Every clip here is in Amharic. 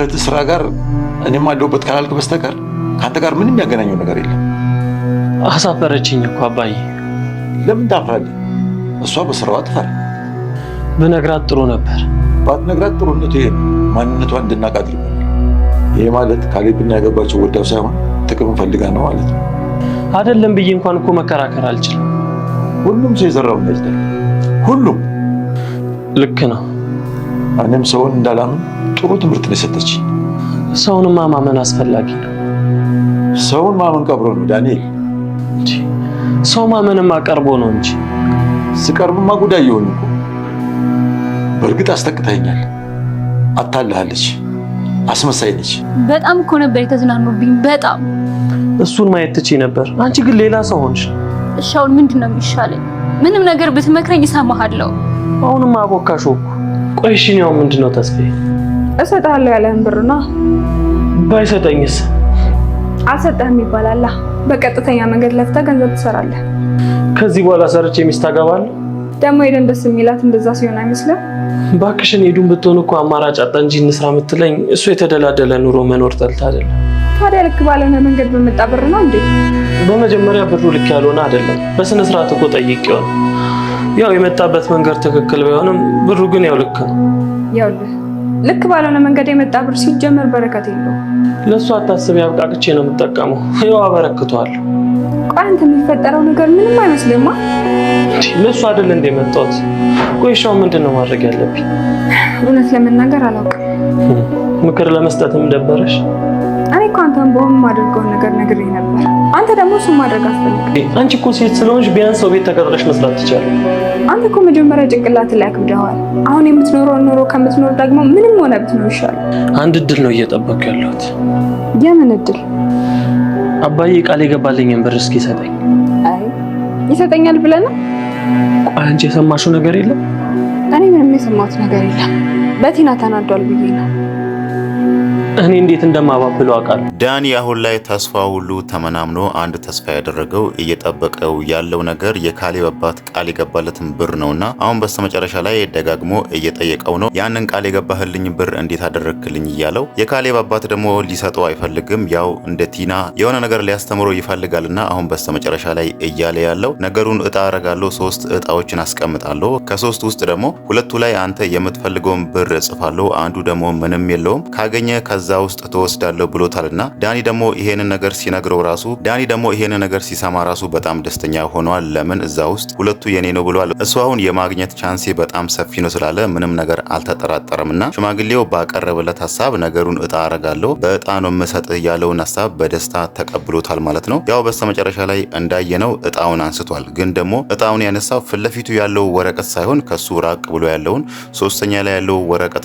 ከእህትህ ስራ ጋር እኔም አለሁበት ካላልክ በስተቀር ከአንተ ጋር ምንም ያገናኘው ነገር የለም። አሳፈረችኝ እኮ አባዬ። ለምን ታፍራለህ? እሷ በስራዋ ትፈር። ብነግራት ጥሩ ነበር። ባትነግራት ጥሩነቱ ይሄ ማንነቷን እንድናውቅ አድርጓል። ይሄ ማለት ካሌብና ያገባቸው ወዳው ሳይሆን ጥቅም ፈልጋ ነው ማለት ነው። አይደለም ብዬ እንኳን እኮ መከራከር አልችልም። ሁሉም ሰው የዘራውን ያጭዳል። ሁሉም ልክ ነው። እኔም ሰውን እንዳላምን ጥሩ ትምህርት ነው የሰጠችኝ። ሰውንማ ማመን አስፈላጊ ነው። ሰውን ማመን ቀብሮ ነው ዳንኤል። ሰው ማመንማ ቀርቦ ነው እንጂ ስቀርብማ ጉዳይ የሆኑ እኮ። በእርግጥ አስጠቅታኛል፣ አታልሃለች፣ አስመሳይ ነች። በጣም እኮ ነበር የተዝናኑብኝ፣ በጣም እሱን ማየት ትቼ ነበር። አንቺ ግን ሌላ ሰው ሆንሽ። እሺ አሁን ምንድን ነው የሚሻለኝ? ምንም ነገር ብትመክረኝ እሰማሃለሁ። አሁንማ አቦካሾ እኮ። ቆይ ምንድን ነው ተስፋዬ እሰጥሃለሁ ያለህን ብርና ባይሰጠኝስ? አልሰጠህም ይባላላ። በቀጥተኛ መንገድ ለፍተህ ገንዘብ ትሰራለህ። ከዚህ በኋላ ሰርቼ ሚስት አገባለሁ። ደግሞ ሄደን ደስ የሚላት እንደዛ ሲሆን አይመስልም? እባክሽን ሄዱን ብትሆን እኮ አማራጭ አጣ እንጂ እንስራ የምትለኝ እሱ የተደላደለ ኑሮ መኖር ጠልታ አይደለም። ታዲያ ልክ ባልሆነ መንገድ በመጣ ብር ነው እንዴ? በመጀመሪያ ብሩ ልክ ያልሆነ አይደለም። በስነ ስርዓት እኮ ጠይቄው ነው። ያው የመጣበት መንገድ ትክክል ባይሆንም ብሩ ግን ያው ልክ ነው። ልክ ባልሆነ መንገድ የመጣ ብር ሲጀመር በረከት የለው። ለእሱ አታስቢ፣ አብቃቅቼ ነው የምጠቀመው። ይኸው አበረክቷል። ቆይ አንተ የሚፈጠረው ነገር ምንም አይመስልማ። ለእሱ አይደል እንደ መጣሁት። ቆይ ምንድን ነው ማድረግ ያለብኝ? እውነት ለመናገር አላውቅም። ምክር ለመስጠትም ደበረሽ? እኔ እኮ አንተን በሆኑ የማደርገውን ነገር ነግሬህ ነበር አንተ ደግሞ እሱን ማድረግ አስፈልግ። አንቺ እኮ ሴት ስለሆንሽ ቢያንስ ሰው ቤት ተቀጥረሽ መስራት ትችያለሽ። አንተ እኮ መጀመሪያ ጭንቅላት ላይ አክብደዋል። አሁን የምትኖረው ኑሮ ከምትኖር ደግሞ ምንም ሆነ ብትኖር ይሻላል። አንድ እድል ነው እየጠበኩ ያለሁት። የምን እድል? አባዬ ቃል የገባልኝን ብር እስኪ ይሰጠኝ። አይ ይሰጠኛል ብለህ ነው? ቆይ አንቺ የሰማሽው ነገር የለም? እኔ ምንም የሰማሁት ነገር የለም። በቲና ተናዷል ብዬ ነው እኔ እንዴት እንደማባብለው አውቃለሁ። ዳኒ አሁን ላይ ተስፋ ሁሉ ተመናምኖ አንድ ተስፋ ያደረገው እየጠበቀው ያለው ነገር የካሌብ አባት ቃል የገባለትን ብር ነውና አሁን በስተመጨረሻ ላይ ደጋግሞ እየጠየቀው ነው። ያንን ቃል የገባህልኝ ብር እንዴት አደረግክልኝ እያለው የካሌብ አባት ደግሞ ሊሰጠው አይፈልግም። ያው እንደ ቲና የሆነ ነገር ሊያስተምረው ይፈልጋልና አሁን በስተመጨረሻ ላይ እያለ ያለው ነገሩን እጣ አረጋለሁ፣ ሶስት እጣዎችን አስቀምጣለሁ። ከሶስት ውስጥ ደግሞ ሁለቱ ላይ አንተ የምትፈልገውን ብር እጽፋለሁ አንዱ ደግሞ ምንም የለውም ካገኘ ከዚ እዛ ውስጥ ተወስዳለሁ ብሎታልና ዳኒ ደግሞ ይሄንን ነገር ሲነግረው ራሱ ዳኒ ደግሞ ይሄንን ነገር ሲሰማ ራሱ በጣም ደስተኛ ሆኗል። ለምን እዛ ውስጥ ሁለቱ የኔ ነው ብሏል። እሱ አሁን የማግኘት ቻንሴ በጣም ሰፊ ነው ስላለ ምንም ነገር አልተጠራጠረም። እና ሽማግሌው ባቀረበለት ሀሳብ ነገሩን እጣ አረጋለሁ በእጣ ነው መሰጥ ያለውን ሀሳብ በደስታ ተቀብሎታል ማለት ነው። ያው በስተመጨረሻ ላይ እንዳየነው እጣውን አንስቷል። ግን ደግሞ እጣውን ያነሳው ፊት ለፊቱ ያለው ወረቀት ሳይሆን ከሱ ራቅ ብሎ ያለውን ሶስተኛ ላይ ያለው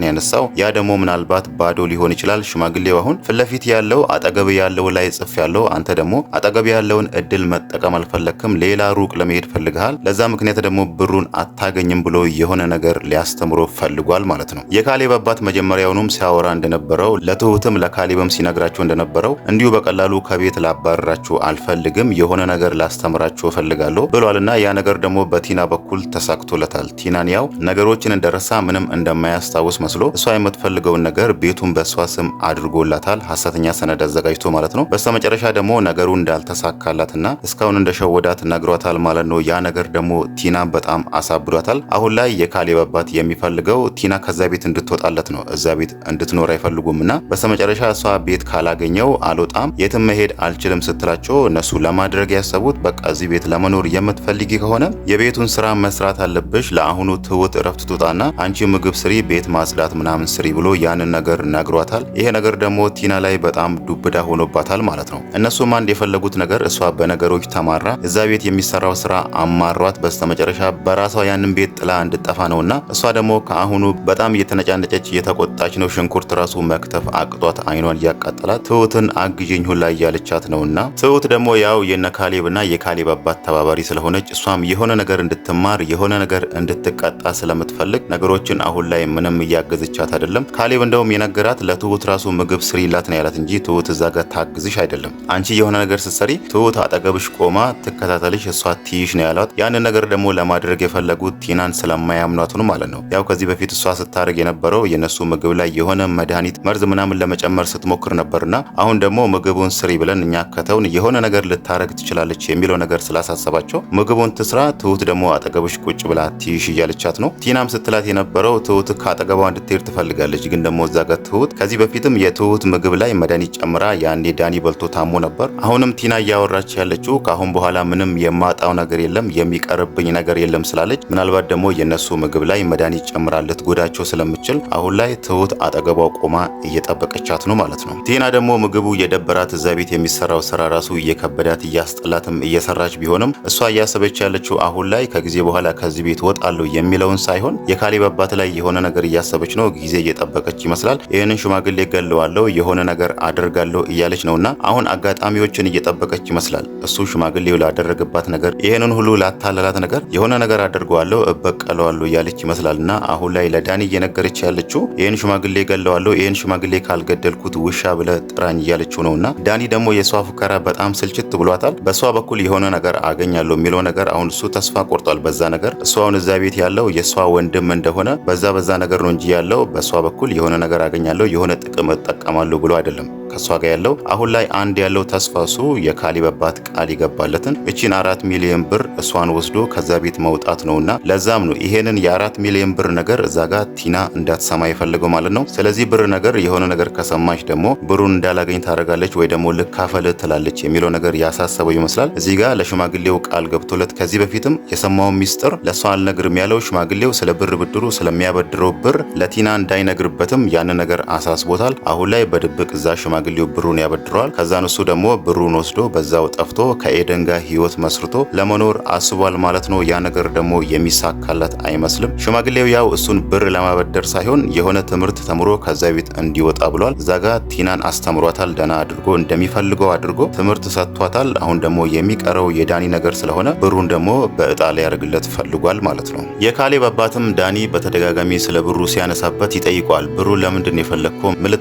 ነው ያነሳው ያ ደግሞ ምናልባት ባዶ ሊሆን ይችላል ይላል ሽማግሌው። አሁን ፊትለፊት ያለው አጠገብ ያለው ላይ ጽፍ ያለው አንተ ደግሞ አጠገብ ያለውን እድል መጠቀም አልፈለክም፣ ሌላ ሩቅ ለመሄድ ፈልግሃል። ለዛ ምክንያት ደግሞ ብሩን አታገኝም ብሎ የሆነ ነገር ሊያስተምሮ ፈልጓል ማለት ነው። የካሌብ አባት መጀመሪያውኑም ሲያወራ እንደነበረው ለትሁትም ለካሌብም ሲነግራቸው እንደነበረው እንዲሁ በቀላሉ ከቤት ላባረራችሁ አልፈልግም፣ የሆነ ነገር ላስተምራችሁ እፈልጋለሁ ብሏልና ያ ነገር ደግሞ በቲና በኩል ተሳክቶለታል። ቲናን ያው ነገሮችን እንደረሳ ምንም እንደማያስታውስ መስሎ እሷ የምትፈልገውን ነገር ቤቱን በእሷ ስም አድርጎላታል። ሀሰተኛ ሰነድ አዘጋጅቶ ማለት ነው። በስተ መጨረሻ ደግሞ ነገሩ እንዳልተሳካላትና እስካሁን እንደሸወዳት ነግሯታል ማለት ነው። ያ ነገር ደግሞ ቲና በጣም አሳብዷታል። አሁን ላይ የካሌብ አባት የሚፈልገው ቲና ከዛ ቤት እንድትወጣለት ነው። እዛ ቤት እንድትኖር አይፈልጉም እና በስተመጨረሻ እሷ ቤት ካላገኘው አልወጣም፣ የትም መሄድ አልችልም ስትላቸው እነሱ ለማድረግ ያሰቡት በቃ እዚህ ቤት ለመኖር የምትፈልጊ ከሆነ የቤቱን ስራ መስራት አለብሽ። ለአሁኑ ትውት እረፍት ትውጣና አንቺ ምግብ ስሪ፣ ቤት ማጽዳት ምናምን ስሪ ብሎ ያንን ነገር ነግሯታል። ይሄ ነገር ደግሞ ቲና ላይ በጣም ዱብዳ ሆኖባታል ማለት ነው። እነሱም አንድ የፈለጉት ነገር እሷ በነገሮች ተማራ እዛ ቤት የሚሰራው ስራ አማሯት በስተመጨረሻ በራሷ ያንን ቤት ጥላ እንድጠፋ ነውና እሷ ደግሞ ከአሁኑ በጣም እየተነጫነጨች እየተቆጣች ነው። ሽንኩርት ራሱ መክተፍ አቅጧት አይኗን እያቃጠላት ትሁትን አግዥኝ ሁላ እያለቻት ነውና ትሁት ደግሞ ያው የነ ካሌብና የካሌብ አባት ተባባሪ ስለሆነች እሷም የሆነ ነገር እንድትማር የሆነ ነገር እንድትቀጣ ስለምትፈልግ ነገሮችን አሁን ላይ ምንም እያገዝቻት አይደለም። ካሌብ እንደውም የነገራት ለትሁት ራሱ ምግብ ስሪላት ነው ያላት እንጂ ትሁት እዛ ጋር ታግዝሽ አይደለም። አንቺ የሆነ ነገር ስትሰሪ ትሁት አጠገብሽ ቆማ ትከታተልሽ፣ እሷ ትይሽ ነው ያሏት። ያንን ነገር ደግሞ ለማድረግ የፈለጉት ቲናን ስለማያምኗት ነው ማለት ነው። ያው ከዚህ በፊት እሷ ስታደርግ የነበረው የነሱ ምግብ ላይ የሆነ መድኃኒት መርዝ ምናምን ለመጨመር ስትሞክር ነበርና አሁን ደግሞ ምግቡን ስሪ ብለን እኛ ከተውን የሆነ ነገር ልታረግ ትችላለች የሚለው ነገር ስላሳሰባቸው ምግቡን ትስራ፣ ትሁት ደግሞ አጠገብሽ ቁጭ ብላ ትይሽ እያለቻት ነው። ቲናም ስትላት የነበረው ትሁት ከአጠገቧ እንድትሄድ ትፈልጋለች፣ ግን ደግሞ እዛ ጋር ትሁት ከዚህ በፊት በፊትም የትሁት ምግብ ላይ መድኃኒት ጨምራ ያኔ ዳኒ በልቶ ታሞ ነበር። አሁንም ቲና እያወራች ያለችው ከአሁን በኋላ ምንም የማጣው ነገር የለም የሚቀርብኝ ነገር የለም ስላለች ምናልባት ደግሞ የነሱ ምግብ ላይ መድኃኒት ጨምራ ልትጎዳቸው ስለምችል አሁን ላይ ትሁት አጠገቧ ቆማ እየጠበቀቻት ነው ማለት ነው። ቲና ደግሞ ምግቡ የደበራት እዛ ቤት የሚሰራው ስራ ራሱ እየከበዳት እያስጠላትም እየሰራች ቢሆንም እሷ እያሰበች ያለችው አሁን ላይ ከጊዜ በኋላ ከዚህ ቤት ወጣለሁ የሚለውን ሳይሆን የካሌብ አባት ላይ የሆነ ነገር እያሰበች ነው። ጊዜ እየጠበቀች ይመስላል ይህንን ሽማግሌ ገለዋለው የሆነ ነገር አደርጋለሁ እያለች ነውና አሁን አጋጣሚዎችን እየጠበቀች ይመስላል። እሱ ሽማግሌው ላደረገባት ነገር፣ ይህንን ሁሉ ላታለላት ነገር የሆነ ነገር አደርገዋለሁ፣ እበቀለዋለሁ እያለች ይመስላልና አሁን ላይ ለዳኒ እየነገረች ያለችው ይህን ሽማግሌ ገለዋለሁ ይህን ሽማግሌ ካልገደልኩት ውሻ ብለ ጥራኝ እያለችው ነውና ዳኒ ደግሞ የእሷ ፉከራ በጣም ስልችት ብሏታል። በእሷ በኩል የሆነ ነገር አገኛለሁ የሚለው ነገር አሁን እሱ ተስፋ ቆርጧል። በዛ ነገር እሱ አሁን እዛ ቤት ያለው የእሷ ወንድም እንደሆነ በዛ በዛ ነገር ነው እንጂ ያለው በእሷ በኩል የሆነ ነገር አገኛለሁ የሆነ ጥቅም ፈጽሞ እጠቀማለሁ ብሎ አይደለም ከእሷ ጋር ያለው አሁን ላይ አንድ ያለው ተስፋ እሱ የካሌብ አባት ቃል ይገባለትን እቺን አራት ሚሊዮን ብር እሷን ወስዶ ከዛ ቤት መውጣት ነውና ለዛም ነው ይሄንን የአራት ሚሊዮን ብር ነገር እዛ ጋር ቲና እንዳትሰማ ይፈልገው ማለት ነው። ስለዚህ ብር ነገር የሆነ ነገር ከሰማች ደግሞ ብሩን እንዳላገኝ ታደርጋለች ወይ ደግሞ ልካፈል ትላለች የሚለው ነገር ያሳሰበው ይመስላል። እዚህ ጋር ለሽማግሌው ቃል ገብቶለት ከዚህ በፊትም የሰማውን ሚስጥር ለእሷ አልነግርም ያለው ሽማግሌው ስለ ብር ብድሩ ስለሚያበድረው ብር ለቲና እንዳይነግርበትም ያን ነገር አሳስቦታል። አሁን ላይ በድብቅ እዛ ሽማግሌ ሽማግሌው ብሩን ያበድረዋል። ከዛን እሱ ደግሞ ብሩን ወስዶ በዛው ጠፍቶ ከኤደን ጋር ህይወት መስርቶ ለመኖር አስቧል ማለት ነው። ያ ነገር ደግሞ የሚሳካለት አይመስልም። ሽማግሌው ያው እሱን ብር ለማበደር ሳይሆን የሆነ ትምህርት ተምሮ ከዛ ቤት እንዲወጣ ብሏል። እዛ ጋ ቲናን አስተምሯታል። ደና አድርጎ እንደሚፈልገው አድርጎ ትምህርት ሰጥቷታል። አሁን ደግሞ የሚቀረው የዳኒ ነገር ስለሆነ ብሩን ደግሞ በእጣ ላይ ያደርግለት ፈልጓል ማለት ነው። የካሌብ አባትም ዳኒ በተደጋጋሚ ስለ ብሩ ሲያነሳበት ይጠይቋል። ብሩ ለምንድን የፈለግኮ ምን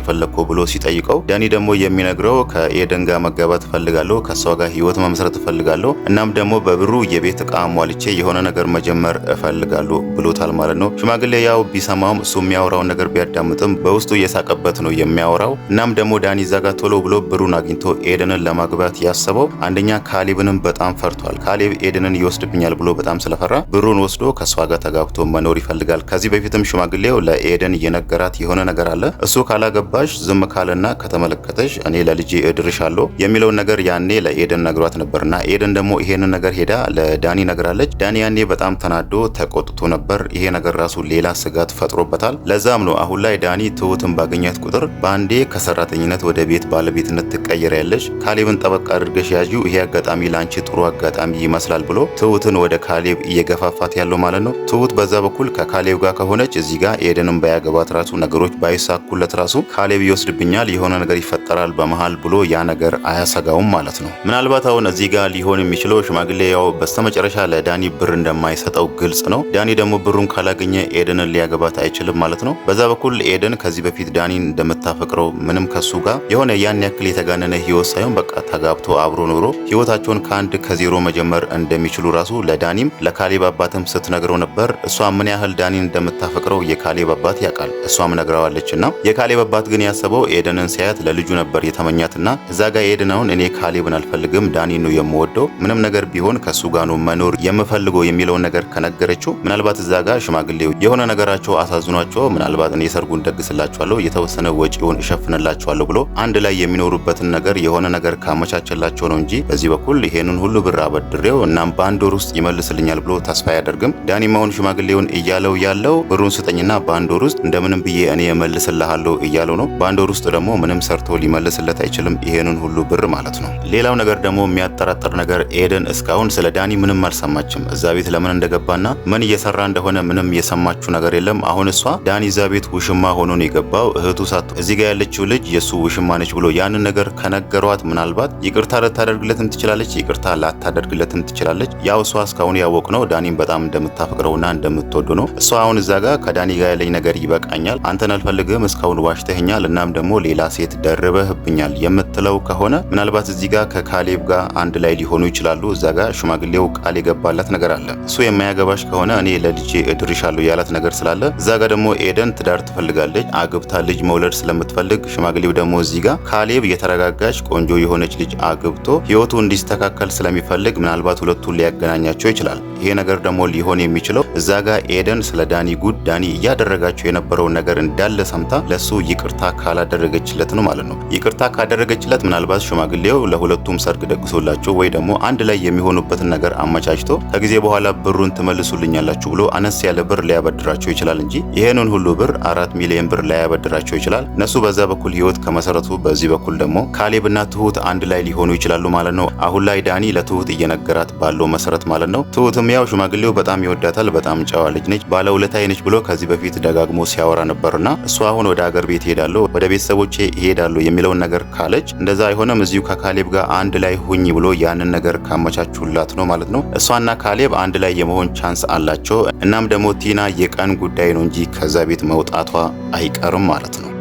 የፈለግኮ ብሎ ሲጠ ስትጠይቀው ዳኒ ደግሞ የሚነግረው ከኤደን ጋር መጋባት እፈልጋለሁ፣ ከእሷ ጋር ህይወት መመስረት እፈልጋለሁ፣ እናም ደግሞ በብሩ የቤት እቃ አሟልቼ የሆነ ነገር መጀመር እፈልጋለሁ ብሎታል ማለት ነው። ሽማግሌ ያው ቢሰማውም እሱ የሚያወራውን ነገር ቢያዳምጥም በውስጡ እየሳቀበት ነው የሚያወራው። እናም ደግሞ ዳኒ ዛጋ ቶሎ ብሎ ብሩን አግኝቶ ኤደንን ለማግባት ያሰበው አንደኛ ካሌብንም በጣም ፈርቷል። ካሌብ ኤደንን ይወስድብኛል ብሎ በጣም ስለፈራ ብሩን ወስዶ ከእሷ ጋር ተጋብቶ መኖር ይፈልጋል። ከዚህ በፊትም ሽማግሌው ለኤደን እየነገራት የሆነ ነገር አለ እሱ ካላገባሽ ዝም ካለ ነበርና ከተመለከተሽ እኔ ለልጄ እድርሻለሁ የሚለውን ነገር ያኔ ለኤደን ነግሯት ነበርና ኤደን ደግሞ ይሄንን ነገር ሄዳ ለዳኒ ነግራለች። ዳኒ ያኔ በጣም ተናዶ ተቆጥቶ ነበር። ይሄ ነገር ራሱ ሌላ ስጋት ፈጥሮበታል። ለዛም ነው አሁን ላይ ዳኒ ትሁትን ባገኛት ቁጥር በአንዴ ከሰራተኝነት ወደ ቤት ባለቤትነት ትቀየሪያለሽ፣ ካሌብን ጠበቅ አድርገሽ ያዢው፣ ይሄ አጋጣሚ ለአንቺ ጥሩ አጋጣሚ ይመስላል ብሎ ትሁትን ወደ ካሌብ እየገፋፋት ያለው ማለት ነው። ትሁት በዛ በኩል ከካሌብ ጋር ከሆነች እዚህ ጋር ኤደንን ባያገባት ራሱ ነገሮች ባይሳኩለት ራሱ ካሌብ ይወስድብኛል ይሆናል፣ የሆነ ነገር ይፈጠራል በመሃል ብሎ ያ ነገር አያሰጋውም ማለት ነው። ምናልባት አሁን እዚህ ጋር ሊሆን የሚችለው ሽማግሌ ያው በስተመጨረሻ ለዳኒ ብር እንደማይሰጠው ግልጽ ነው። ዳኒ ደግሞ ብሩን ካላገኘ ኤደንን ሊያገባት አይችልም ማለት ነው። በዛ በኩል ኤደን ከዚህ በፊት ዳኒን እንደምታፈቅረው ምንም ከሱ ጋር የሆነ ያን ያክል የተጋነነ ህይወት ሳይሆን በቃ ተጋብቶ አብሮ ኑሮ ህይወታቸውን ከአንድ ከዜሮ መጀመር እንደሚችሉ ራሱ ለዳኒም ለካሌብ አባትም ስትነግረው ነበር። እሷ ምን ያህል ዳኒን እንደምታፈቅረው የካሌብ አባት ያውቃል፣ እሷም ነግረዋለች። እና የካሌብ አባት ግን ያሰበው ኤደን ያንን ሲያያት ለልጁ ነበር የተመኛትና እዛ ጋር የሄድነውን እኔ ካሌብን አልፈልግም ዳኒን ነው የምወደው፣ ምንም ነገር ቢሆን ከሱ ጋር ነው መኖር የምፈልገው የሚለውን ነገር ከነገረችው ምናልባት እዛ ጋር ሽማግሌው የሆነ ነገራቸው አሳዝኗቸው ምናልባት እኔ ሰርጉን ደግስላቸዋለሁ የተወሰነ ወጪውን እሸፍንላቸዋለሁ ብሎ አንድ ላይ የሚኖሩበትን ነገር የሆነ ነገር ካመቻቸላቸው ነው እንጂ በዚህ በኩል ይሄንን ሁሉ ብር አበድሬው እናም በአንድ ወር ውስጥ ይመልስልኛል ብሎ ተስፋ አያደርግም። መሆን ሽማግሌውን እያለው ያለው ብሩን ስጠኝና በአንድ ወር ውስጥ እንደምንም ብዬ እኔ እመልስልሃለሁ እያለው ነው። በአንድ ወር ውስጥ ደግሞ ደግሞ ምንም ሰርቶ ሊመልስለት አይችልም፣ ይሄንን ሁሉ ብር ማለት ነው። ሌላው ነገር ደግሞ የሚያጠራጥር ነገር ኤደን እስካሁን ስለ ዳኒ ምንም አልሰማችም። እዛ ቤት ለምን እንደገባና ምን እየሰራ እንደሆነ ምንም የሰማችው ነገር የለም። አሁን እሷ ዳኒ እዛ ቤት ውሽማ ሆኖ ነው የገባው እህቱ ሳት እዚህ ጋር ያለችው ልጅ የእሱ ውሽማ ነች ብሎ ያንን ነገር ከነገሯት ምናልባት ይቅርታ ልታደርግለትም ትችላለች፣ ይቅርታ ላታደርግለትም ትችላለች። ያው እሷ እስካሁን ያወቅ ነው ዳኒን በጣም እንደምታፈቅረውና እንደምትወዱ ነው። እሷ አሁን እዛ ጋር ከዳኒ ጋር ያለኝ ነገር ይበቃኛል፣ አንተን አልፈልግም፣ እስካሁን ዋሽተኸኛል፣ እናም ደግሞ ሌላ ሌላ ሴት ደርበህብኛል የምትለው ከሆነ ምናልባት እዚህ ጋር ከካሌብ ጋር አንድ ላይ ሊሆኑ ይችላሉ። እዛ ጋር ሽማግሌው ቃል የገባላት ነገር አለ። እሱ የማያገባሽ ከሆነ እኔ ለልጄ እድርሻለሁ ያላት ነገር ስላለ እዛ ጋር ደግሞ ኤደን ትዳር ትፈልጋለች፣ አግብታ ልጅ መውለድ ስለምትፈልግ ሽማግሌው ደግሞ እዚህ ጋር ካሌብ የተረጋጋች ቆንጆ የሆነች ልጅ አግብቶ ህይወቱ እንዲስተካከል ስለሚፈልግ ምናልባት ሁለቱን ሊያገናኛቸው ይችላል። ይሄ ነገር ደግሞ ሊሆን የሚችለው እዛ ጋር ኤደን ስለ ዳኒ ጉድ ዳኒ እያደረጋቸው የነበረውን ነገር እንዳለ ሰምታ ለሱ ይቅርታ ካላደረገ ያደረገችለት ነው ማለት ነው። ይቅርታ ካደረገችለት ምናልባት ሽማግሌው ለሁለቱም ሰርግ ደግሶላቸው ወይ ደግሞ አንድ ላይ የሚሆኑበትን ነገር አመቻችቶ ከጊዜ በኋላ ብሩን ትመልሱልኛላችሁ ብሎ አነስ ያለ ብር ሊያበድራቸው ይችላል እንጂ ይሄንን ሁሉ ብር አራት ሚሊዮን ብር ሊያበድራቸው ይችላል። እነሱ በዛ በኩል ህይወት ከመሰረቱ፣ በዚህ በኩል ደግሞ ካሌብና ትሁት አንድ ላይ ሊሆኑ ይችላሉ ማለት ነው። አሁን ላይ ዳኒ ለትሁት እየነገራት ባለው መሰረት ማለት ነው። ትሁትም ያው ሽማግሌው በጣም ይወዳታል፣ በጣም ጨዋ ልጅ ነች፣ ባለውለታዬ ነች ብሎ ከዚህ በፊት ደጋግሞ ሲያወራ ነበርና እሷ አሁን ወደ አገር ቤት ሄዳለሁ ወደ ቤተሰቦ ተውጬ ይሄዳሉ የሚለውን ነገር ካለች እንደዛ አይሆነም እዚሁ ከካሌብ ጋር አንድ ላይ ሁኝ ብሎ ያንን ነገር ካመቻቹላት ነው ማለት ነው። እሷና ካሌብ አንድ ላይ የመሆን ቻንስ አላቸው። እናም ደግሞ ቲና የቀን ጉዳይ ነው እንጂ ከዛ ቤት መውጣቷ አይቀርም ማለት ነው።